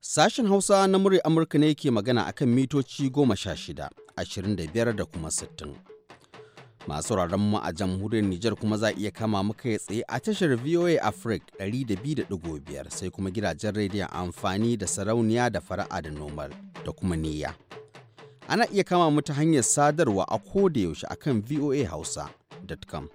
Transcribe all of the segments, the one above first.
Sashen Hausa na murya Amurka ne ke magana a kan mitoci goma sha shida, ashirin da biyar da kuma sittin. Masu mu a jamhuriyar Nijar kuma za iya kama muka tsaye a tashar VOA Africa 200.5 sai kuma gidajen rediyon amfani da sarauniya da fara'a da nomal da kuma niyya. Ana iya kama mu ta hanyar sadarwa a koda yaushe akan VOA Hausa. hausa.com.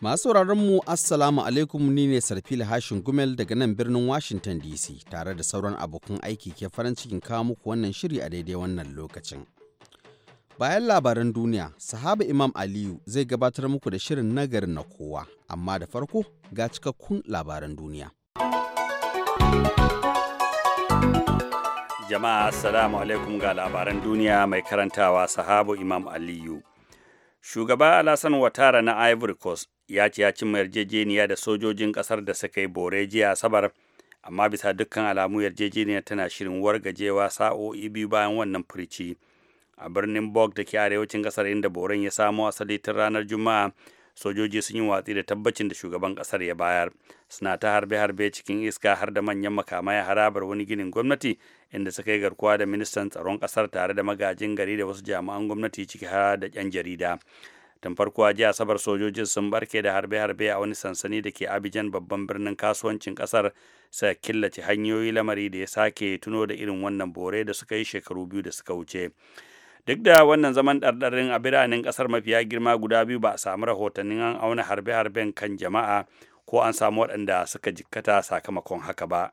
Masu mu Assalamu alaikum ni ne Sarfila Hashin Gumel daga nan birnin Washington DC tare da sauran abokan aiki ke farin cikin kawo muku wannan shiri a daidai wannan lokacin. Bayan labaran duniya, sahaba Imam Aliyu zai gabatar muku da shirin nagarin na kowa, amma da farko ga cikakkun labaran duniya. Jama'a Assalamu alaikum ga labaran duniya mai karantawa sahabu Imam Aliyu. Shugaba Alasan Watara na Ivory Coast ya ce ya cimma yarjejeniya da sojojin kasar da suka yi bore jiya Asabar, amma bisa dukkan alamu yarjejeniya tana shirin wargajewa sa'o'i biyu bayan wannan furici. A birnin Bog da ke arewacin kasar inda boren ya samo asali tun ranar Juma'a, sojoji sun yi watsi da tabbacin da shugaban kasar ya bayar suna ta harbe-harbe cikin iska har da manyan makamai harabar wani ginin gwamnati inda suka yi garkuwa da ministan tsaron kasar tare da magajin gari da wasu jami'an gwamnati ciki har da 'yan jarida tun farko a jiya asabar sojojin sun barke da harbe-harbe a wani sansani da ke abijan babban birnin kasuwancin kasar sa killace hanyoyi lamari da ya sake tuno da irin wannan bore da suka yi shekaru biyu da suka wuce duk da wannan zaman ɗarɗarin a biranen ƙasar mafiya girma guda biyu ba a samu rahotannin an auna harbe-harben kan jama'a ko an samu waɗanda suka jikkata sakamakon haka ba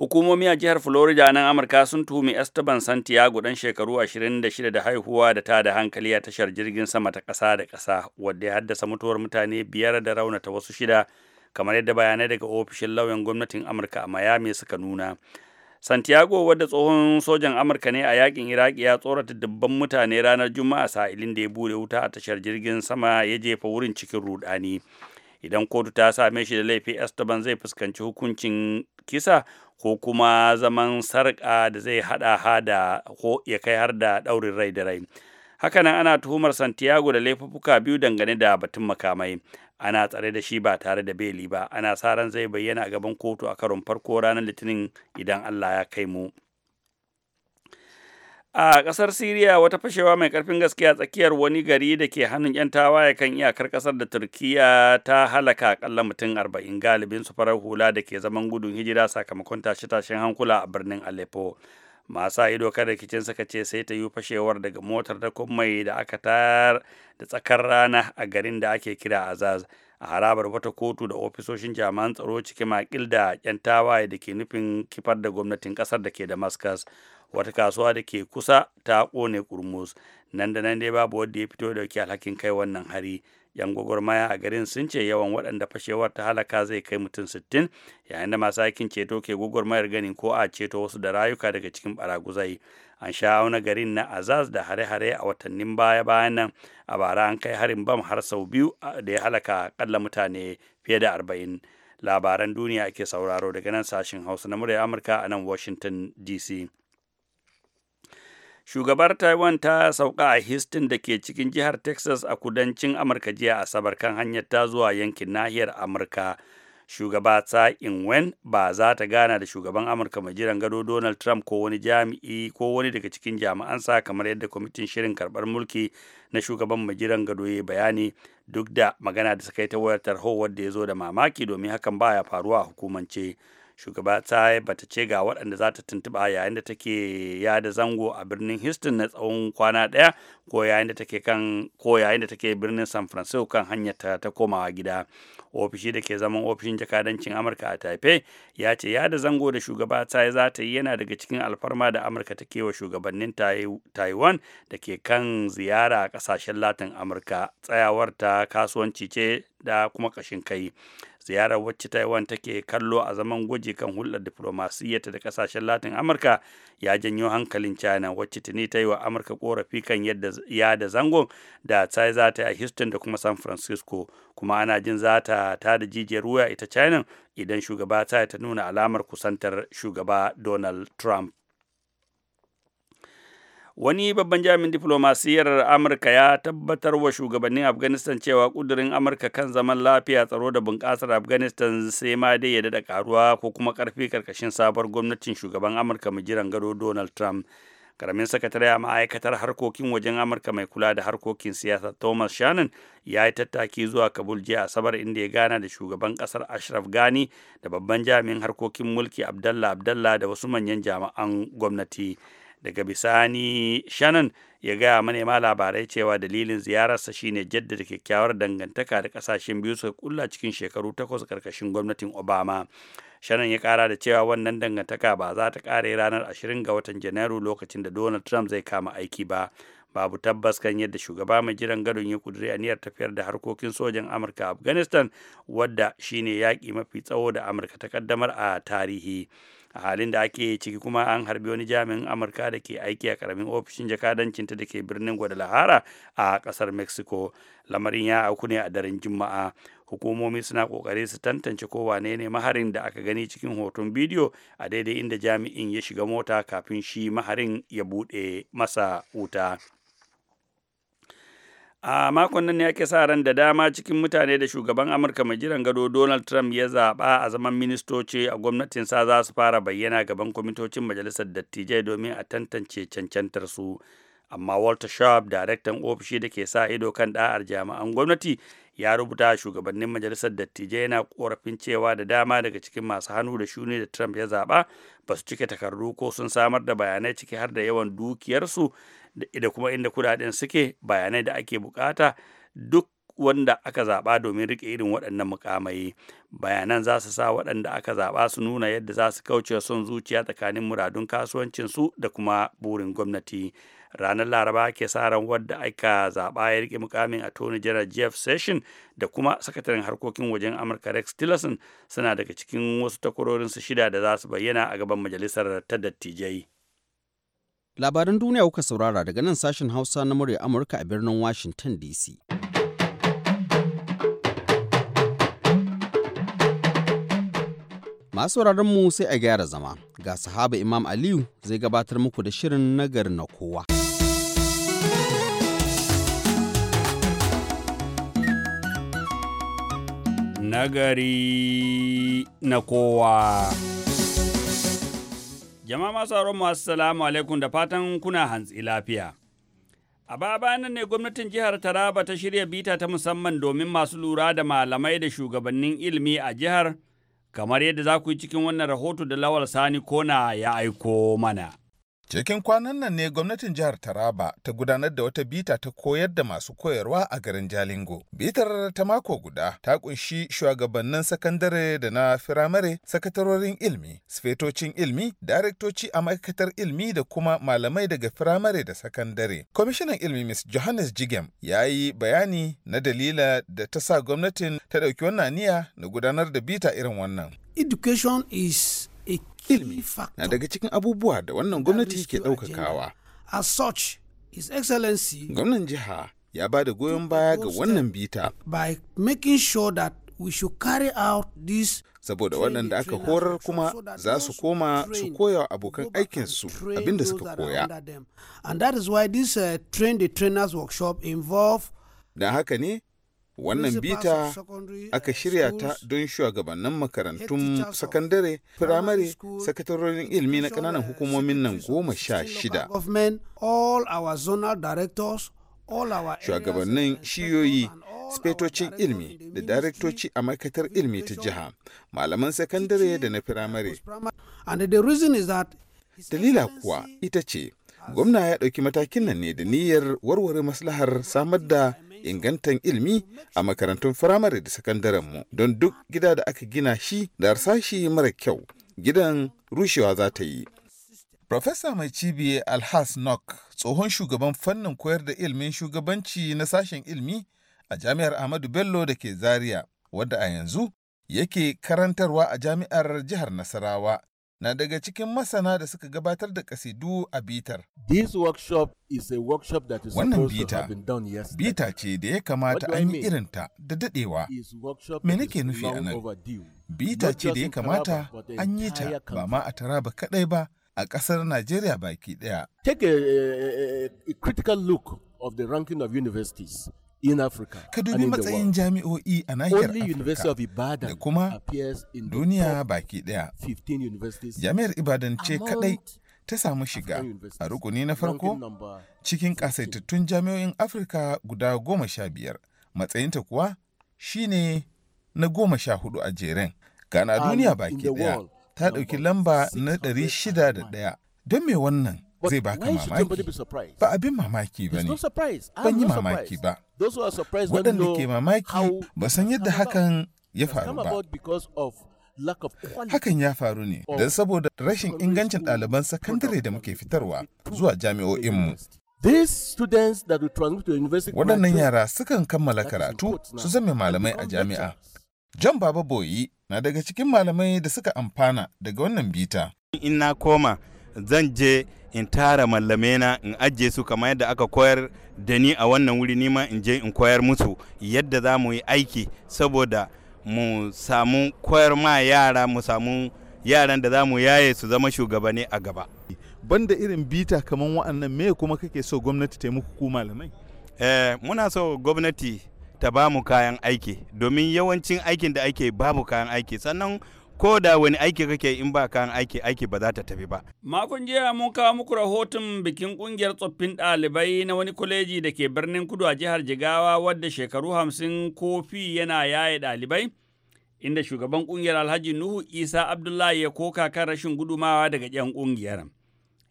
hukumomi a jihar florida nan amurka sun tuhumi esteban santiago dan shekaru 26 da haihuwa da ta da hankali a tashar jirgin sama ta kasa da kasa wadda ya haddasa mutuwar mutane biyar da raunata wasu shida kamar yadda bayanai daga ofishin lauyan gwamnatin amurka a miami suka nuna Santiago wadda tsohon sojan Amurka ne a yakin Iraki ya tsorata dubban mutane ranar Juma'a sa'ilin da ya bude wuta a tashar jirgin sama ya jefa wurin cikin rudani. Idan kotu ta same shi da laifi Esteban zai fuskanci hukuncin kisa ko kuma zaman sarƙa da zai haɗa hada ko ya kai har da ɗaurin rai da rai. Hakanan ana tuhumar Santiago da laifuffuka biyu dangane da batun makamai. ana tsare da shi ba tare da beli ba ana sa ran zai bayyana a gaban kotu a karon farko ranar litinin idan allah ya kai mu a ƙasar siriya wata fashewa mai ƙarfin gaskiya tsakiyar wani gari da ke hannun 'yan tawaye kan iyakar ƙasar da turkiya ta halaka akalla mutum arba'in galibin su farar hula da ke zaman gudun hijira sakamakon tashe-tashen hankula a birnin aleppo masu ido kada rikicin suka ce sai ta yi fashewar daga motar ta mai da aka tar da tsakar rana a garin da ake kira azaz a harabar wata kotu da ofisoshin jami'an tsaro cikin makil da 'yan tawaye da ke nufin kifar da gwamnatin kasar da ke damascus wata kasuwa da ke kusa ta kone kurmus nan da nan dai babu wanda ya fito da ke alhakin kai wannan hari yan gwagwarmaya a garin sun ce yawan waɗanda fashewar ta halaka zai kai mutum sittin yayin da masu aikin ceto ke gwagwarmayar ganin ko a ceto wasu da rayuka daga cikin baraguzai an sha na garin na azaz da hare-hare a watannin baya bayan nan a bara an kai harin bam har sau biyu da ya halaka akalla mutane fiye da arba'in labaran duniya ake sauraro daga nan sashen hausa na murya amurka a nan washington dc shugabar taiwan ta sauka a houston da ke cikin jihar texas a kudancin amurka jiya asabar kan hanyar ta zuwa yankin nahiyar amurka shugaba ta inwen ba za ta gana da shugaban amurka mai jiran gado donald trump ko wani jami'i ko wani daga cikin jami'ansa kamar yadda kwamitin shirin karbar mulki na shugaban mai jiran gado ya bayani duk da magana da suka yi ta wayar tarho wadda ya zo da mamaki domin hakan baya faruwa a hukumance shugaba tsai bata ce ga waɗanda za ta tuntuɓa yayin da take yada zango a birnin houston na tsawon kwana ɗaya ko yayin da take birnin san francisco kan hanyar ta, ta komawa gida ofishi da ke zaman ofishin jakadancin amurka a taipei ya ce yada zango da shugaba tsai za ta yi yana daga cikin alfarma da amurka take wa shugabannin taiwan da ke kan ziyara a ƙasashen latin amurka tsayawar ta kasuwanci ce da kuma kashin kai ziyarar wacce taiwan take kallo a zaman gwaji kan hulɗar diflomasiyyarta da ƙasashen latin amurka ya janyo hankalin china wacce tuni ta yi wa amurka korafi kan yadda ya da zangon da tsai za ta yi a houston da kuma san francisco kuma ana jin za ta ta da jijiyar wuya ita china idan shugaba ta ta nuna alamar kusantar shugaba donald trump wani babban jami'in diflomasiyyar amurka ya tabbatar wa shugabannin afghanistan cewa kudurin amurka kan zaman lafiya tsaro da bunƙasar afghanistan sai ma dai ya daɗa karuwa ko kuma ƙarfi karkashin sabuwar gwamnatin shugaban amurka mai jiran gado donald trump karamin sakatare a ma'aikatar harkokin wajen amurka mai kula da harkokin siyasa thomas shannon ya yi tattaki zuwa kabul jiya asabar inda ya gana da shugaban kasar ashraf gani da babban jami'in harkokin mulki abdallah abdallah da wasu manyan jami'an gwamnati daga bisani shannon ya gaya manema labarai cewa dalilin ziyararsa shine jaddada kyakkyawar dangantaka da kasashen biyu suka kulla cikin shekaru takwas karkashin gwamnatin obama shannon ya kara da cewa wannan dangantaka ba za ta kare ranar 20 ga watan janairu lokacin da donald trump zai kama aiki ba babu tabbas kan yadda shugaba mai jiran gadon ya kudure aniyar tafiyar da harkokin sojan amurka afghanistan wadda shine yaƙi mafi tsawo da amurka ta kaddamar a tarihi a halin da ake ciki kuma an harbi wani jami'in amurka da ke aiki a karamin ofishin jakadancinta da ke birnin guadalajara a kasar mexico lamarin ya auku ne a daren juma'a hukumomi suna kokari su tantance ko wane ne maharin da aka gani cikin hoton bidiyo a daidai inda jami'in ya shiga mota kafin shi maharin ya bude masa wuta a makon nan ne ake sa ran da dama cikin mutane da shugaban amurka mai jiran gado donald trump ya zaɓa a zaman ministoci a gwamnatin sa za su fara bayyana gaban kwamitocin majalisar dattijai domin a tantance cancantar su amma walter sharp daraktan ofishi da ke sa ido kan da'ar jami'an gwamnati ya rubuta shugabannin majalisar dattijai yana korafin cewa da dama daga cikin masu hannu da shuni da trump ya zaɓa ba su cike takardu ko sun samar da bayanai ciki har da yawan dukiyarsu da kuma inda kudaden suke bayanai da ake bukata duk wanda aka zaɓa domin rike irin waɗannan mukamai bayanan za su sa waɗanda aka zaɓa su nuna yadda za su kauce son zuciya tsakanin muradun kasuwancin su da kuma burin gwamnati ranar laraba ke sa ran wadda aka zaɓa ya rike mukamin a tony general jeff session da kuma sakataren harkokin wajen amurka rex tillerson suna daga cikin wasu takwarorinsu shida da za su bayyana a gaban majalisar ta dattijai Labaran duniya kuka saurara daga nan sashen Hausa na murya Amurka a birnin Washington DC. Masu mu sai a gyara zama, ga sahaba Imam Aliyu zai gabatar muku da shirin nagar na kowa. Nagari na kowa. Jama'a masu auren masu salamu alaikum da fatan kuna hantsi lafiya. A baya bayanan ne gwamnatin jihar Taraba ta shirya bita ta musamman domin masu lura da malamai da shugabannin ilimi a jihar, kamar yadda za ku yi cikin wannan rahoto da Lawal Sani Kona ya aiko mana. Cikin kwanan nan ne gwamnatin jihar Taraba ta gudanar da wata bita ta koyar da masu koyarwa a garin Jalingo. Bitar ta mako guda ta kunshi shugabannin sakandare da na firamare, sakatarorin ilmi, sfetocin ilmi, daraktoci a ma'aikatar ilmi da kuma malamai daga firamare da sakandare. Kwamishinan ilmi Ms. Johannes Jigem ya yi bayani na dalila da ta sa gwamnatin ta ɗauki wannan niyya na gudanar da bita irin wannan. Education is ilimi na daga cikin abubuwa da wannan gwamnati ke ɗaukakawa. as such Gwamnan jiha ya ba da goyon baya ga wannan bita. By making sure that we should carry out this saboda waɗanda aka horar kuma za su koma su koya abokan aikinsu abinda suka koya. And that is why this uh, train the trainers workshop involve. Da haka ne Wannan bita aka shirya ta don shugabannin makarantun sakandare, firamare, sakatarorin ilmi na ƙananan hukumomin nan goma sha shida. Shugabannin uh, shiyoyi spetocin ilmi da daraktoci a makatar ilmi ta jiha malaman sakandare da na firamare. Dalila kuwa ita ce, gwamna ya ɗauki matakin nan ne da niyyar warware maslahar samar da ingantan ilimi a makarantun firamare da sakandaren mu don duk gida da aka gina shi da harsashi mara kyau gidan rushewa za ta yi Profesa mai cibiye Alhas Nock, tsohon shugaban fannin koyar da ilimin shugabanci na sashen ilimi a jami'ar Ahmadu Bello da ke Zaria, wadda a yanzu yake karantarwa a jami'ar jihar Nasarawa na daga cikin masana da suka gabatar da kasidu a bitar. Wannan bita, bita ce da ya kamata an yi irinta da dadewa. Me nake nufi a nan? Bita ce da ya kamata an yi ta ba ma a taraba kadai ba a ƙasar Najeriya baki ɗaya. Take critical look of the ranking of universities. in Africa. Ka dubi matsayin jami'o'i a nahiyar Afirka da kuma duniya baki ɗaya. Jami'ar Ibadan ce kaɗai ta samu shiga a rukuni na farko cikin kasaitattun jami'o'in Afirka guda goma sha biyar. Matsayinta kuwa shine na goma sha hudu a jeren. Gana duniya baki ɗaya ta ɗauki lamba na ɗari shida da ɗaya. Don me wannan zai baka mamaki? Ba abin mamaki ba ne. Ban yi mamaki ba. those who are surprised waɗanda ke mamaki ba san yadda hakan ya faru ba hakan ya faru ne don saboda rashin ingancin ɗaliban sakandare da muke fitarwa zuwa jami'o'inmu waɗannan yara sukan kammala karatu su zama malamai a jami'a john baba boyi na daga cikin malamai da suka amfana daga wannan bita in na koma zan je in tara mallamena in ajiye su kamar yadda aka koyar da ni a wannan wuri nima in je in koyar musu yadda za mu yi aiki saboda mu samu koyar ma yara mu samu yaran da za mu yaye su zama shugabanni a gaba banda irin bita kamar wa'annan me kuma kake so gwamnati ta muku ku malamai eh, muna so gwamnati ta ba mu kayan aiki domin yawancin aikin da ake babu kayan aiki sannan ko da wani aiki kake in ba kan aiki aiki ba za ta tafi ba. Makon jiya mun kawo muku rahoton bikin kungiyar tsoffin ɗalibai na wani kwaleji da ke birnin kudu a jihar Jigawa wadda shekaru hamsin kofi yana yaye ɗalibai. Inda shugaban kungiyar Alhaji Nuhu Isa Abdullahi ya koka kan rashin gudumawa daga 'yan kungiyar.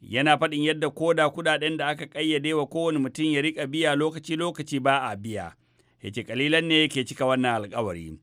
Yana faɗin yadda koda kuɗaɗen da aka ƙayyade wa kowane mutum ya riƙa biya lokaci-lokaci ba a biya. Yace ƙalilan ne yake cika wannan alƙawari.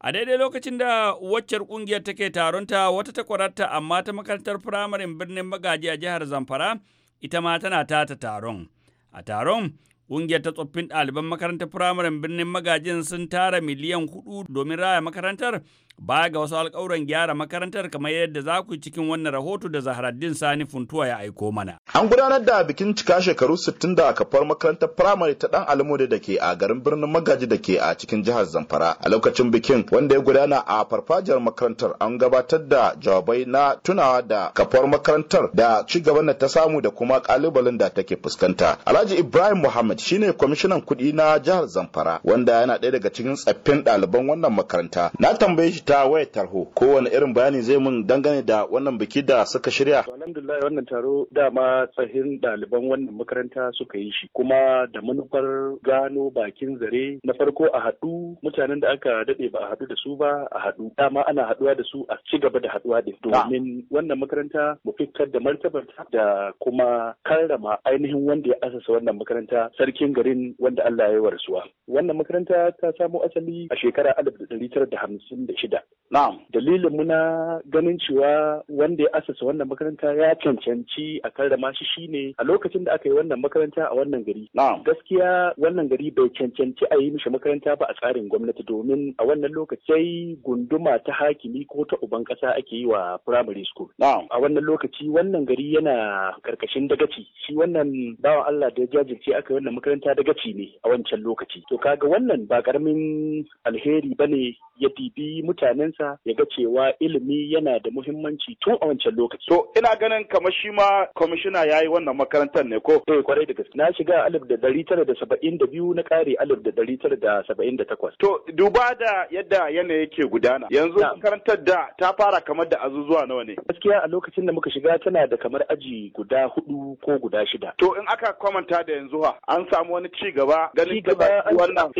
A daidai lokacin da waccar kungiyar take taronta wata ta takwararta amma ta makarantar firamaren birnin magaji a jihar Zamfara ita ma tana tata taron. A taron Ƙungiyar ta tsoffin ɗaliban makarantar firamaren birnin magajin sun tara miliyan hudu domin raya makarantar baya ga wasu alƙawuran gyara makarantar kamar yadda za ku cikin wannan rahoto da Zaharaddin Sani Funtuwa ya aiko mana. An gudanar da bikin cika shekaru 60 da kafar makarantar firamare ta ɗan Almode da ke a garin birnin Magaji da ke a cikin jihar Zamfara. A lokacin bikin wanda ya gudana a farfajiyar makarantar an gabatar da jawabai na tunawa da kafar makarantar da ci gaban da ta samu da kuma ƙalubalen da take fuskanta. Alhaji Ibrahim Muhammad Shi shine kwamishinan kuɗi na jihar Zamfara wanda yana ɗaya daga cikin tsaffin ɗaliban wannan makaranta. Na tambaye shi ta wayar tarho Ko kowane irin bayani zai mun dangane da wannan biki da suka shirya. Alhamdulillah wannan taro dama tsahin ɗaliban wannan makaranta suka yi shi kuma da manufar gano bakin zare na farko a haɗu mutanen da aka daɗe ba a haɗu da su ba a haɗu dama ana haɗuwa da su a ci gaba da haɗuwa ɗin domin wannan makaranta mu fitar da martabar da kuma karrama ainihin wanda ya asasa wannan makaranta sarkin garin wanda Allah ya warsuwa. Wannan makaranta ta samo asali a shekara alif da da hamsin da shida. Na'am. Dalilin muna ganin cewa wanda ya asasa wannan makaranta ya cancanci a karrama shi shine a lokacin da aka yi wannan makaranta a wannan gari. Na'am. Gaskiya wannan gari bai cancanci a yi mishi makaranta ba a tsarin gwamnati domin a wannan lokaci gunduma ta hakimi ko ta uban kasa ake yi wa primary school. Na'am. A wannan lokaci wannan gari yana karkashin dagaci shi wannan bawan Allah da ya jajirce aka yi wannan makaranta da gaci ne a wancan lokaci to kaga wannan ba karamin alheri bane ya bibi mutanensa ya ga cewa ilimi yana da muhimmanci tun a wancan lokaci to ina ganin kamar shi ma kwamishina ya yi wannan makarantar ne ko eh kwarai da gaske na shiga alif da dari tara da saba'in da biyu na kare alif da dari tara da saba'in da takwas to duba da yadda yanayi yake gudana yanzu makarantar da ta fara kamar da azuzuwa nawa ne gaskiya a lokacin da muka shiga tana da kamar aji guda hudu ko guda shida to in aka kwamanta da yanzu ha an samu wani ci gaba ganin ta wannan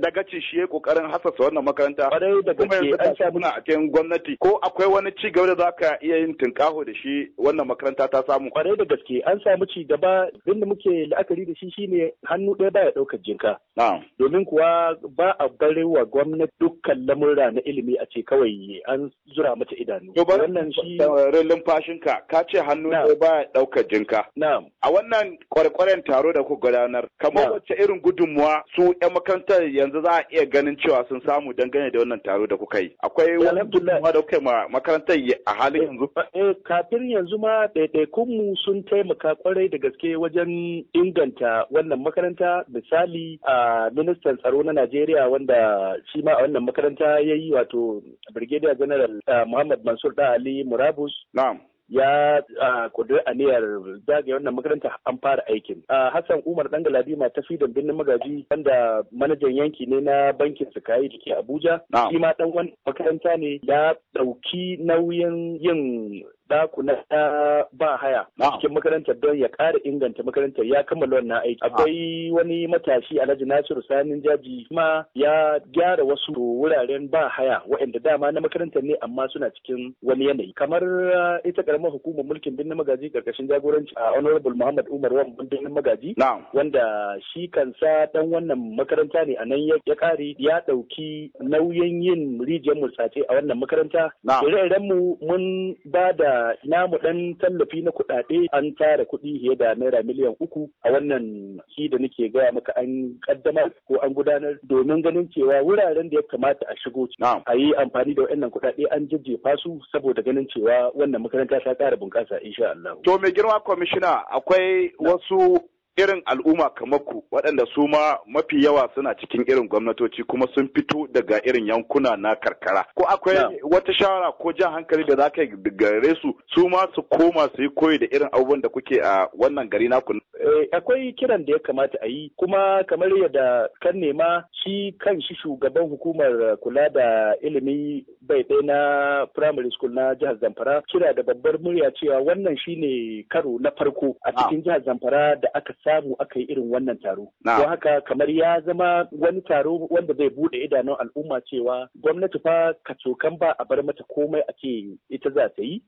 da ci shi ya kokarin hasasa wannan makaranta kuma yanzu an samu a cikin gwamnati ko akwai wani ci gaba da za ka iya yin tunkaho da shi wannan makaranta ta samu kwarai da gaske an samu ci gaba inda muke la'akari da shi shine hannu ɗaya baya ɗaukar jinka domin kuwa ba a barewa gwamnati dukkan lamurra na ilimi a ce kawai an zura mata idanu wannan shi fashinka ka ce hannu ɗaya baya ɗaukar jinka a wannan kwarkwaren taro da ku gudanar ranar kamar wacce irin gudunmuwa su 'yan makarantar yanzu za a iya ganin cewa sun samu dangane da wannan taro da kuka yi akwai wani gudunmuwa da kuka ma makarantar a halin eh, yanzu eh, kafin yanzu ma ɗaiɗaikun mu sun taimaka kwarai da gaske wajen inganta wannan makaranta misali a ministan tsaro na Najeriya wanda shi ma a wannan makaranta ya yi wato Brigadier General Muhammad Mansur Da Ali Murabus. Na'am. ya a aniyar zagaye wannan makaranta an fara aikin. Hassan Umar dan Galadima ta da birnin magaji wanda manajan yanki ne na bankin su kayi jiki Abuja. Shi ma dan makaranta ne ya ɗauki nauyin yin na ba haya cikin makarantar don ya ƙara inganta makarantar ya kammala wannan aiki. Akwai wani matashi Alhaji Nasiru Sanin Jaji ma ya gyara wasu wuraren ba haya waɗanda dama na makarantar ne amma suna cikin wani yanayi. Kamar uh, ita karamar hukumar mulkin birnin magaji ƙarƙashin jagoranci a uh, Honorable Muhammad Umar Wan birnin magaji. Wanda shi kansa dan wannan makaranta ne a nan ya ƙare ya ɗauki nauyin yin rijiyar murtsace a wannan makaranta. ire mu mun ba da namu dan tallafi na kuɗaɗe an tara kuɗi fiye da naira miliyan uku a wannan shi da nake gaya maka an kaddamar ko an gudanar domin ganin cewa wuraren da ya kamata a shigo a yi amfani da waɗannan kuɗaɗe an jajjefa su saboda ganin cewa wannan makaranta ta kara bunƙasa insha Allah. To mai girma kwamishina akwai wasu irin al'umma kamar ku waɗanda su ma mafi yawa suna cikin irin gwamnatoci kuma sun fito daga irin yankuna na karkara ko akwai wata shawara ko jan hankali da za ka gare su su ma su koma su yi koyi da irin abubuwan da kuke a wannan gari naku eh, akwai kiran da ya kamata a yi kuma kamar yadda kan nema shi kan shi shugaban hukumar kula da ilimi bai ɗaya na primary school na jihar zamfara kira da babbar murya cewa wannan shine karo na farko a cikin jihar zamfara da aka samu aka yi irin wannan taro. Don haka kamar ya zama wani taro wanda zai bude idanun al'umma cewa gwamnati fa ka kacokan ba a bar mata komai a ce ita za ta yi.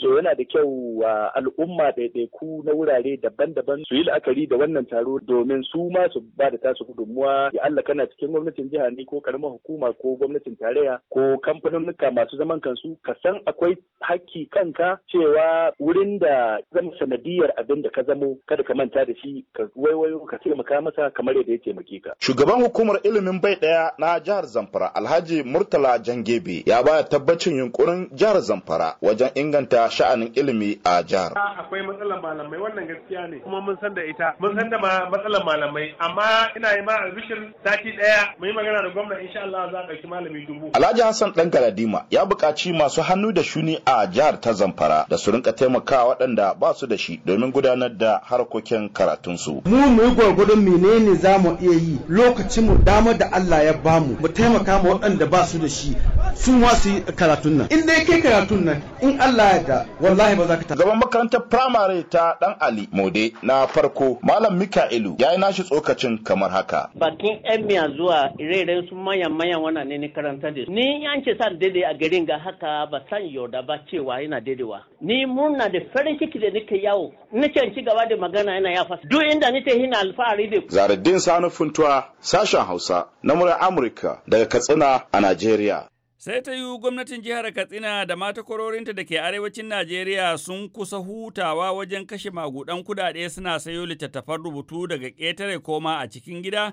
So yana da kyau wa al'umma ɗaiɗaiku na wurare daban-daban su yi la'akari da wannan taro domin su ma su ba da tasu gudunmuwa ya Allah kana cikin gwamnatin jiha ne ko karamar hukuma ko gwamnatin tarayya ko kamfanonuka masu zaman kansu ka san akwai hakki kanka cewa wurin da zama sanadiyar abin da ka zamo kada ka manta da shi ka waiwayo ka taimaka masa kamar yadda ya taimake ka. Shugaban hukumar ilimin bai ɗaya na jihar Zamfara Alhaji Murtala Jangebe ya baya tabbacin yunkurin jihar Zamfara wajen inganta sha'anin ilimi a jihar. Akwai matsalar malamai wannan gaskiya ne kuma mun san da ita mun san da matsalar malamai amma ina yi ma albishir sati ɗaya mu yi magana da gwamna insha Allah za a ɗauki malami dubu. Alhaji Hassan Dan Galadima ya buƙaci masu hannu da shuni a jihar ta Zamfara da su rinka taimakawa waɗanda ba su da shi domin gudanar da harkokin karatu. bukatunsu. Mu mu yi gwargwadon menene za mu iya yi lokacin mu dama da Allah ya bamu mu taimaka ma waɗanda ba su da shi sun wasu karatun nan. In dai kai karatun nan in Allah ya da wallahi ba za ka Gaban makarantar firamare ta Dan Ali Mode na farko Malam Mika'ilu ya yi nashi tsokacin kamar haka. Bakin miya zuwa ire-iren su mayan-mayan wannan ne ni karanta da Ni an ce san daidai a garin ga haka ba san yauda ba cewa yana daidaiwa. Ni murna da farin ciki da nake yawo. ni ci gaba da magana yana ya fasa duk inda nite hina alfahari da ku. zaradin sanu funtuwa sashen hausa na murar amurka daga katsina a najeriya sai ta yi gwamnatin jihar katsina da mata kwarorinta da ke arewacin najeriya sun kusa hutawa wajen kashe magudan kudade suna sayo littattafan rubutu daga ƙetare koma a cikin gida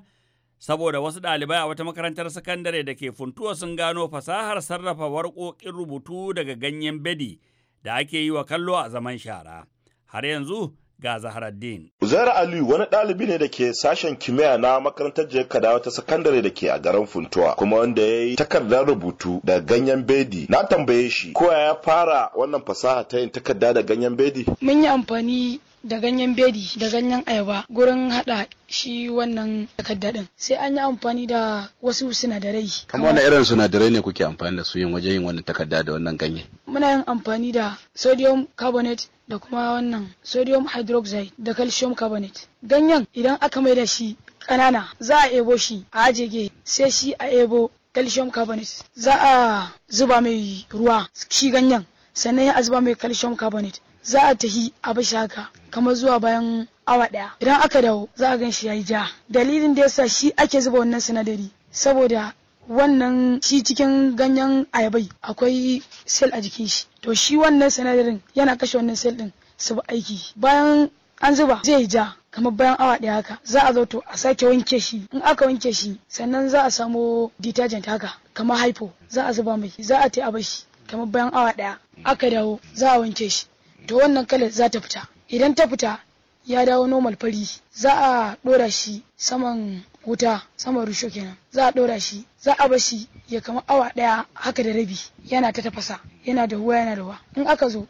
saboda wasu ɗalibai a wata makarantar sakandare da ke funtuwa sun gano fasahar sarrafa warƙoƙin rubutu daga ganyen bedi da ake yi wa kallo a zaman shara har yanzu ga Zaharaddin. Uzair Aliyu wani ɗalibi ne da ke sashen kimiyya na makarantar jihar Kadawa ta sakandare da ke a garin Funtuwa kuma wanda ya yi takardar rubutu da ganyen bedi. Na tambaye shi ko ya fara wannan fasaha ta yin takarda da ganyen bedi? Mun yi amfani da ganyen bedi da ganyen ayaba gurin haɗa shi wannan takarda din sai an yi amfani da wasu sinadarai. Kamar wani irin sinadarai ne kuke amfani da su yin wajen yin wannan takarda da wannan ganye? muna yin amfani da sodium carbonate da kuma wannan sodium hydroxide da calcium carbonate ganyen idan aka mai da shi ƙanana za a ebo shi a ajiye sai shi a ebo calcium carbonate za a zuba mai ruwa shi ganyen sannan a zuba mai calcium carbonate za a tahi a bashi haka kamar zuwa bayan awa ɗaya idan aka dawo za a gan shi ya yi ja dalilin da yasa shi ake zuba wannan sinadari saboda wannan shi cikin ganyen ayabai akwai sel a jikin shi to shi wannan sanadarin yana kashe wannan sel din su bi aiki bayan an zuba zai ja kamar bayan awa ɗaya haka za a zo to a sake wanke shi in aka wanke shi sannan za a samo detergent haka kamar haifo za a zuba mai za a ta a shi kamar bayan awa ɗaya aka dawo za a wanke shi to wannan kalar za ta fita idan ta fita ya dawo normal fari za a ɗora shi saman wuta sama rusho kenan za a ɗora shi za a bashi ya kama awa ɗaya haka da rabi yana ta tafasa yana da ruwa yana da ruwa in aka zo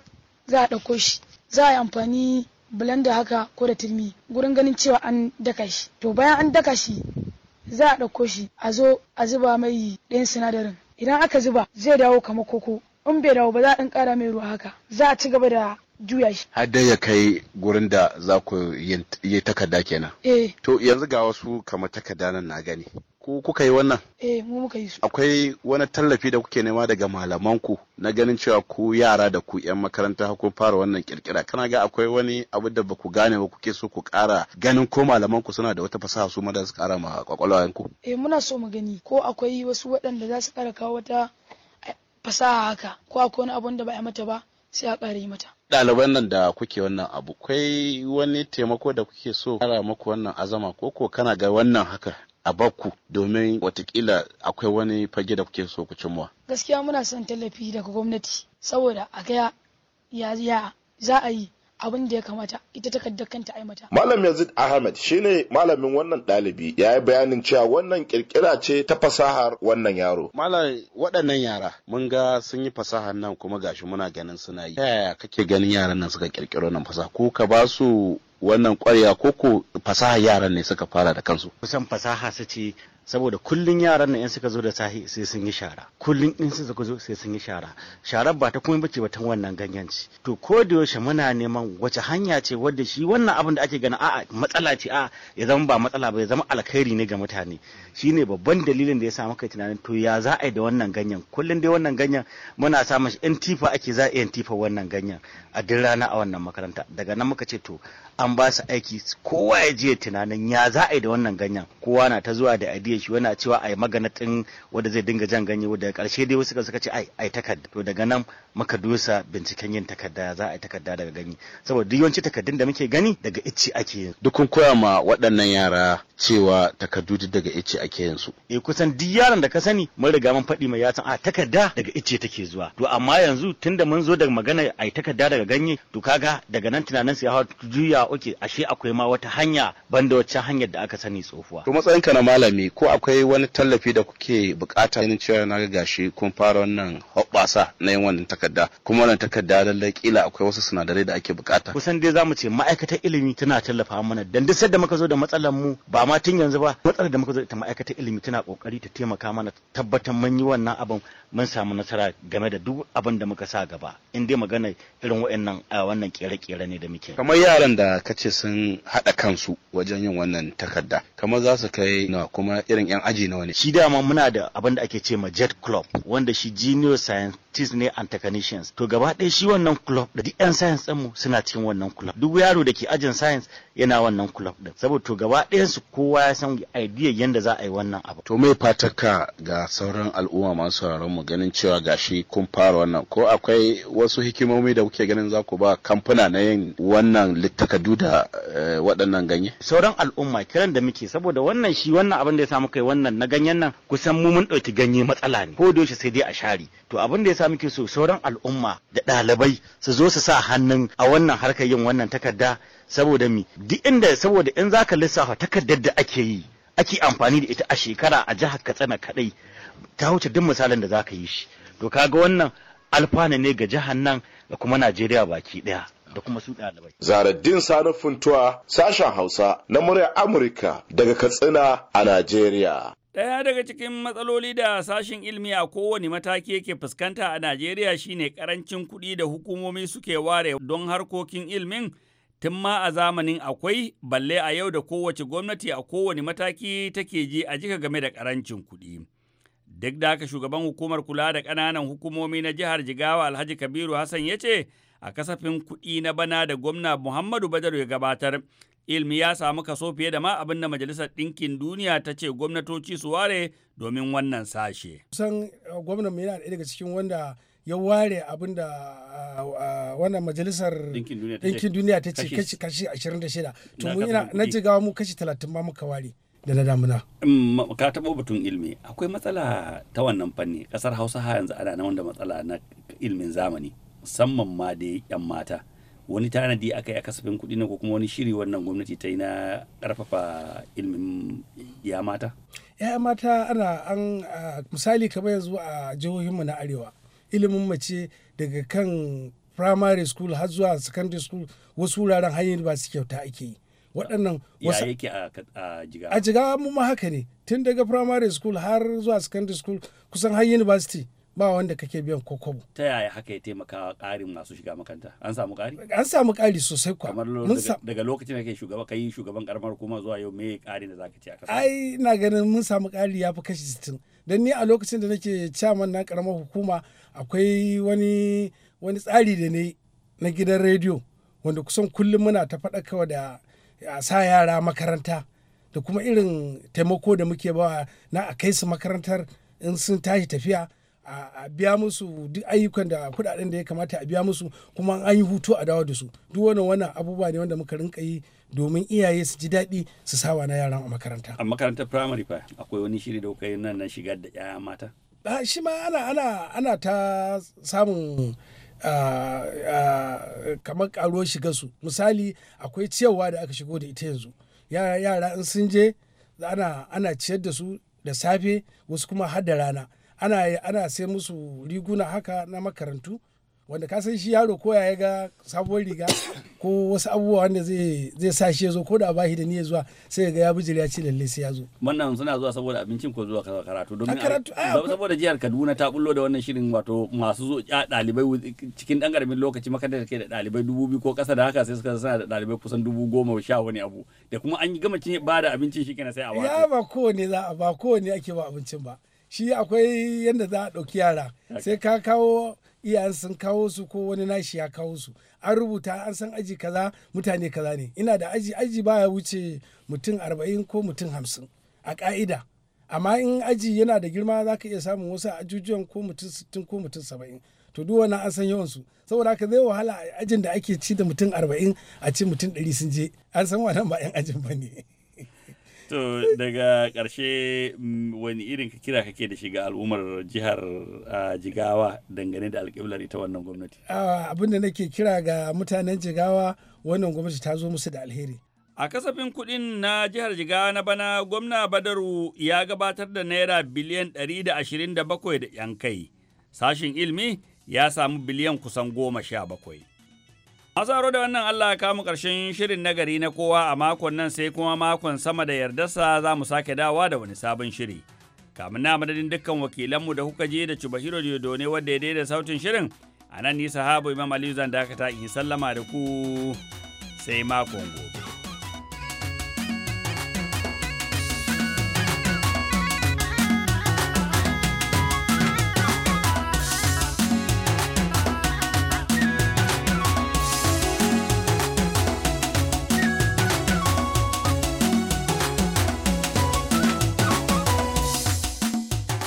za a ɗauko shi za a yi amfani blender haka ko da turmi gurin ganin cewa an daka shi to bayan an daka shi za a ɗauko shi a zo a zuba mai ɗayan sinadarin idan aka zuba zai dawo kamar koko in bai dawo ba za a ɗan ƙara mai ruwa haka za a ci gaba da juya shi har dai ya kai gurin da za ku yi takarda kenan eh to yanzu ga wasu kamar takarda nan na gani ku kuka yi wannan eh mu muka yi su akwai wani tallafi da kuke nema daga malaman ku na ganin cewa ku yara da ku yan makaranta ku fara wannan kirkira kana ga akwai wani abu da ba ku gane ba kuke so ku ƙara ganin ko malaman ku suna da wata fasaha su ma da su ƙara ma kwakwalwayen ku eh muna so mu gani ko akwai wasu waɗanda za su ƙara kawo wata eh, fasaha haka ko akwai wani abun da ba a mata ba sai a ƙara yi mata ɗaliban nan da kuke wannan abu kai wani taimako da kuke so ƙara maku wannan azama ko ko kana ga wannan haka a bakku domin watakila akwai wani fage da kuke so ku cimma gaskiya muna son tallafi daga gwamnati saboda a ga ya za a yi abin da ya kamata ita takardar kanta ai mata. Malam Yazid Ahmed shine malamin wannan dalibi, ya yi bayanin cewa wannan kirkira ce ta fasahar wannan yaro. Malam waɗannan yara mun ga sun yi fasahar nan kuma gashi muna ganin suna yi. Ta yaya kake ganin yaran nan suka kirkiro nan fasaha ko ka ba su wannan kwarya koko fasaha yaran ne suka fara da kansu kusan fasaha su ce saboda kullun yaran nan in suka zo da sahi sai sun yi shara kullun in suka zo sai sun yi shara sharar ba ta kuma bace ba tan wannan ganyanci to ko da yaushe muna neman wace hanya ce wadda shi wannan abin da ake ganin a'a matsala ce a'a ya zama ba matsala ba ya zama alkhairi ne ga mutane shine babban dalilin da ya sa maka tunanin to ya za a yi da wannan ganyen kullun dai wannan ganyen muna samun mashi in tifa ake za a iya tifa wannan ganyen a duk rana a wannan makaranta daga nan muka ce to an ba su aiki kowa ya je tunanin ya za a yi da wannan ganyen kowa na ta zuwa da A. shi wani cewa a yi maganatin wanda zai dinga jan ganye daga karshe dai wasu suka ce ai ai takarda to daga nan muka dosa binciken yin takarda za a yi takarda daga ganye saboda duk yawanci takardun da muke gani daga icci ake yin duk kun koya ma waɗannan yara cewa takardu daga icce ake yin su eh kusan duk yaron da ka sani mun riga mun faɗi mai yatsan a takarda daga icce take zuwa to amma yanzu tunda mun zo daga magana ai takarda daga ganye to kaga daga nan tunanin su ya juya oke ashe akwai ma wata hanya banda wacce hanyar da aka sani tsohuwa to matsayinka na malami ko akwai wani tallafi da kuke bukata ne cewa na ga gashi kun fara wannan hoɓɓasa na yin wannan takarda kuma wannan takarda lallai kila akwai wasu sinadarai da ake bukata kusan dai zamu ce ma'aikatar ilimi tana tallafa mana dan duk da muka zo da matsalar mu ba ma tun yanzu ba matsalar da muka zo ita ma'aikatar ilimi tana kokari ta taimaka mana tabbatar mun yi wannan abin mun samu nasara game da duk abin da muka sa gaba in dai magana irin wa'annan a wannan kere-kere ne da muke kamar yaran da ka ce sun haɗa kansu wajen yin wannan takarda kamar za su kai na kuma irin yan aji na wani shi dama muna da abin da ake ce ma jet club wanda shi junior scientist ne and technicians to gaba ɗaya shi wannan club da duk yan science ɗinmu suna cikin wannan club duk yaro da ke ajin science yana wannan club ɗin saboda to gaba ɗaya su kowa ya san idea yanda za a yi wannan abu to me fataka ga sauran al'umma masu sauraron mu ganin cewa gashi kun fara wannan ko akwai wasu hikimomi da kuke ganin za ku ba kamfuna na yin wannan littaka al'adu da eh, waɗannan ganye sauran al'umma kiran da muke saboda wannan shi wannan abin da ya samu kai wannan na ganyen nan kusan mu mun ɗauki ganye matsala ne ko da sai dai a share to abin da ya samu ke so sauran al'umma da ɗalibai su zo su sa hannun a wannan harkar yin wannan takarda saboda mi duk inda saboda in zaka lissafa takardar da ake yi ake amfani da ita a shekara a jihar Katsina kaɗai ta wuce duk misalin da zaka yi shi to kaga wannan alfana ne ga jihar nan da kuma Najeriya baki daya da kuma su ɗalibai. Zaraddin Sani Funtuwa sashen Hausa na murya Amurka daga Katsina a Najeriya. Ɗaya daga cikin matsaloli da sashen ilimi a kowane mataki yake fuskanta a Najeriya shine karancin kuɗi da hukumomi suke ware don harkokin ilmin tun ma a zamanin akwai balle a yau da kowace gwamnati a kowane mataki take ji a jika game da karancin kuɗi. Duk da haka shugaban hukumar kula da ƙananan hukumomi na jihar Jigawa Alhaji Kabiru Hassan ya ce a kasafin kuɗi na bana da gwamna Muhammadu Badaru ya gabatar. Ilmi ya samu kaso fiye da ma abin da Majalisar Ɗinkin Duniya ta ce gwamnatoci su ware domin wannan sashe. Kusan uh, gwamnan yana ɗaya daga cikin wanda ya ware abin da uh, uh, wannan majalisar ɗinkin duniya ta ce kashi 26 to mu yana na jigawa mu kashi 30 ma muka ware da na damuna. Mm, ka taɓo batun ilmi akwai matsala ta wannan fanni ƙasar hausa ha yanzu ana na wanda matsala na ilmin zamani musamman ma da 'yan mata wani tanadi aka yi a kasafin kuɗi na ko kuma wani shiri wannan gwamnati ta yi na ƙarfafa ilimin ya mata? ya mata ana an misali kamar yanzu a jihohinmu na arewa ilimin mace daga kan primary school har zuwa secondary school wasu wuraren hanyar ba su kyauta ake yi waɗannan wasu yake a jiga. a jiga mu ma haka ne tun daga primary school har zuwa secondary school kusan har university ba wanda kake biyan ko kobo ta yaya haka ya taimaka ƙarin masu shiga makaranta an samu ƙari an samu ƙari sosai kwa kamar daga lokacin da kake shugaba kai shugaban karamar kuma zuwa yau me ƙari da zaka ci a kasa ai ina ganin mun samu ƙari ya fi kashi sittin dan ni a lokacin da nake chairman na karamar hukuma akwai wani wani tsari da ne na gidan rediyo wanda kusan kullum muna ta faɗakarwa da a sa yara makaranta da kuma irin taimako da muke bawa na a kai su makarantar in sun tashi tafiya a biya musu duk ayyukan da kudaden da ya kamata a biya musu kuma an yi hutu a dawo da su duk wannan wannan abubuwa ne wanda muka rinka yi domin iyaye su ji daɗi su sawa na yaran a makaranta a makarantar primary fa akwai wani shiri da kuka yi nan na shigar da yaya mata a shi ma ana ana ana ta samun kamar karuwar shiga su misali akwai ciyarwa da aka shigo da ita yanzu yara in sun je ana ana ciyar da su da safe wasu kuma har da rana ana ana sai musu riguna haka na makarantu wanda ka san shi yaro ko ya ga sabuwar riga ko wasu abubuwa wanda zai zai sa shi ya zo ko da ba shi da niyya zuwa sai ga ya bijiri ya ce lalle sai ya zo wannan suna zuwa saboda abincin ko zuwa karatu domin saboda jihar Kaduna ta bullo da wannan shirin wato masu zo dalibai cikin dan karamin lokaci makarantar ke da dalibai dubu biyu ko kasa da haka sai suka sana da dalibai kusan dubu goma sha wani abu da kuma an yi gama ba da abincin shi kenan sai a wato ya ba kowane za a ba kowane ake ba abincin ba shi akwai yadda za a ɗauki yara sai ka kawo iyayen sun kawo su ko wani nashi ya kawo su an rubuta an san aji kaza mutane kaza ne ina da aji aji baya wuce mutum arba'in ko mutum hamsin a ka'ida amma in aji yana da girma za ka iya samun wasu ajujuwan ko mutum sittin ko mutum saba'in to duk wani an san yawan su saboda haka zai wahala ajin da ake ci da mutum arba'in a ce mutum ɗari sun je an san wannan ba 'yan ajin ba ne. to daga ƙarshe mm, wani irin ka kira kake da shiga al'ummar jihar jigawa dangane da alƙiblar ita wannan gwamnati abin da nake kira ga mutanen jigawa wannan gwamnati ta zo musu da alheri A kasafin kudin na jihar Jigawa na bana, gwamna Badaru ya gabatar da Naira biliyan 127 da ‘yan kai. Sashin ilmi ya samu biliyan kusan goma sha bakwai. A tsaro da wannan Allah ya kamu ƙarshen shirin nagari na kowa a makon nan sai kuma makon sama da yardarsa za mu sake dawa da wani sabon shiri. Kamin na madadin dukkan wakilanmu da kuka je da cuba Cibahiro ne wadda ya daida sautin shirin, a nan ni habu Imam Aliyu zan dakata in sallama da ku sai makon gobe.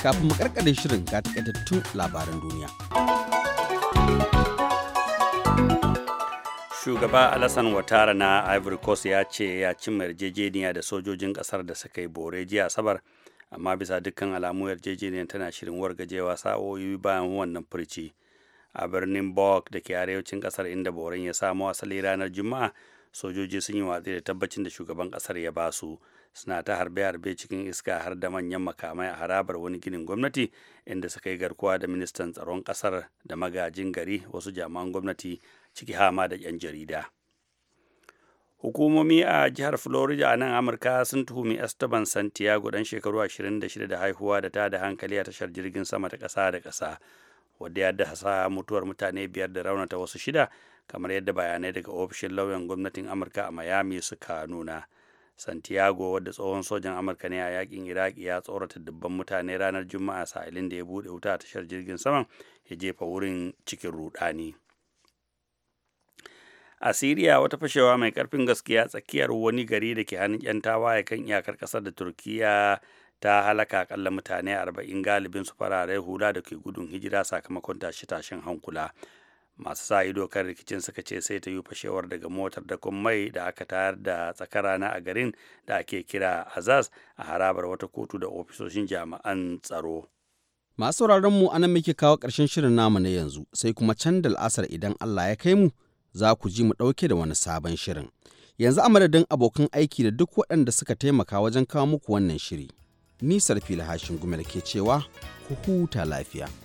kafin mu karkare shirin ga takaitattun labaran duniya. shugaba alasan watara na ivory coast ya ce ya cimma yarjejeniya da sojojin kasar da suka yi bore jiya asabar amma bisa dukkan alamu yarjejeniyar tana shirin wargajewa sa'o'i bayan wannan furci a birnin bok da ke arewacin kasar inda boren ya samo asali ranar juma'a sojoji sun yi watsi da tabbacin da shugaban kasar ya basu suna ta harbe-harbe cikin iska har da manyan makamai a harabar wani ginin gwamnati inda suka yi garkuwa da ministan tsaron kasar da magajin gari wasu jami'an gwamnati ciki hama da 'yan jarida hukumomi a jihar florida a nan amurka sun tuhumi esteban santiago dan shekaru 26 da haihuwa da ta da hankali a tashar jirgin sama ta kasa da kasa wadda ya dasa mutuwar mutane biyar da raunata wasu shida kamar yadda bayanai daga ofishin lauyan gwamnatin amurka a miami suka nuna santiago wadda tsohon sojan amurka ne a yakin iraki ya tsorata dubban mutane ranar juma'a sahilin da ya bude wuta a tashar jirgin saman ya jefa wurin cikin rudani a siriya wata fashewa mai karfin gaskiya tsakiyar wani gari da ke hannun 'yan tawaye kan iyakar kasar da turkiya ta halaka akalla mutane 40 galibin su farare hula da ke gudun hijira sakamakon tashe-tashen hankula masu sa ido kan rikicin suka ce sai ta yi fashewar daga motar da kun mai da aka tayar da tsakarana a garin da ake kira azaz a harabar wata kotu da ofisoshin jami'an tsaro masu mu anan muke kawo ƙarshen shirin namu na yanzu sai kuma can da al'asar idan allah ya kai mu za ku ji mu ɗauke da wani sabon shirin yanzu a madadin abokan aiki da duk waɗanda suka taimaka wajen kawo muku wannan shiri ni sarfila hashin gumel ke cewa ku huta lafiya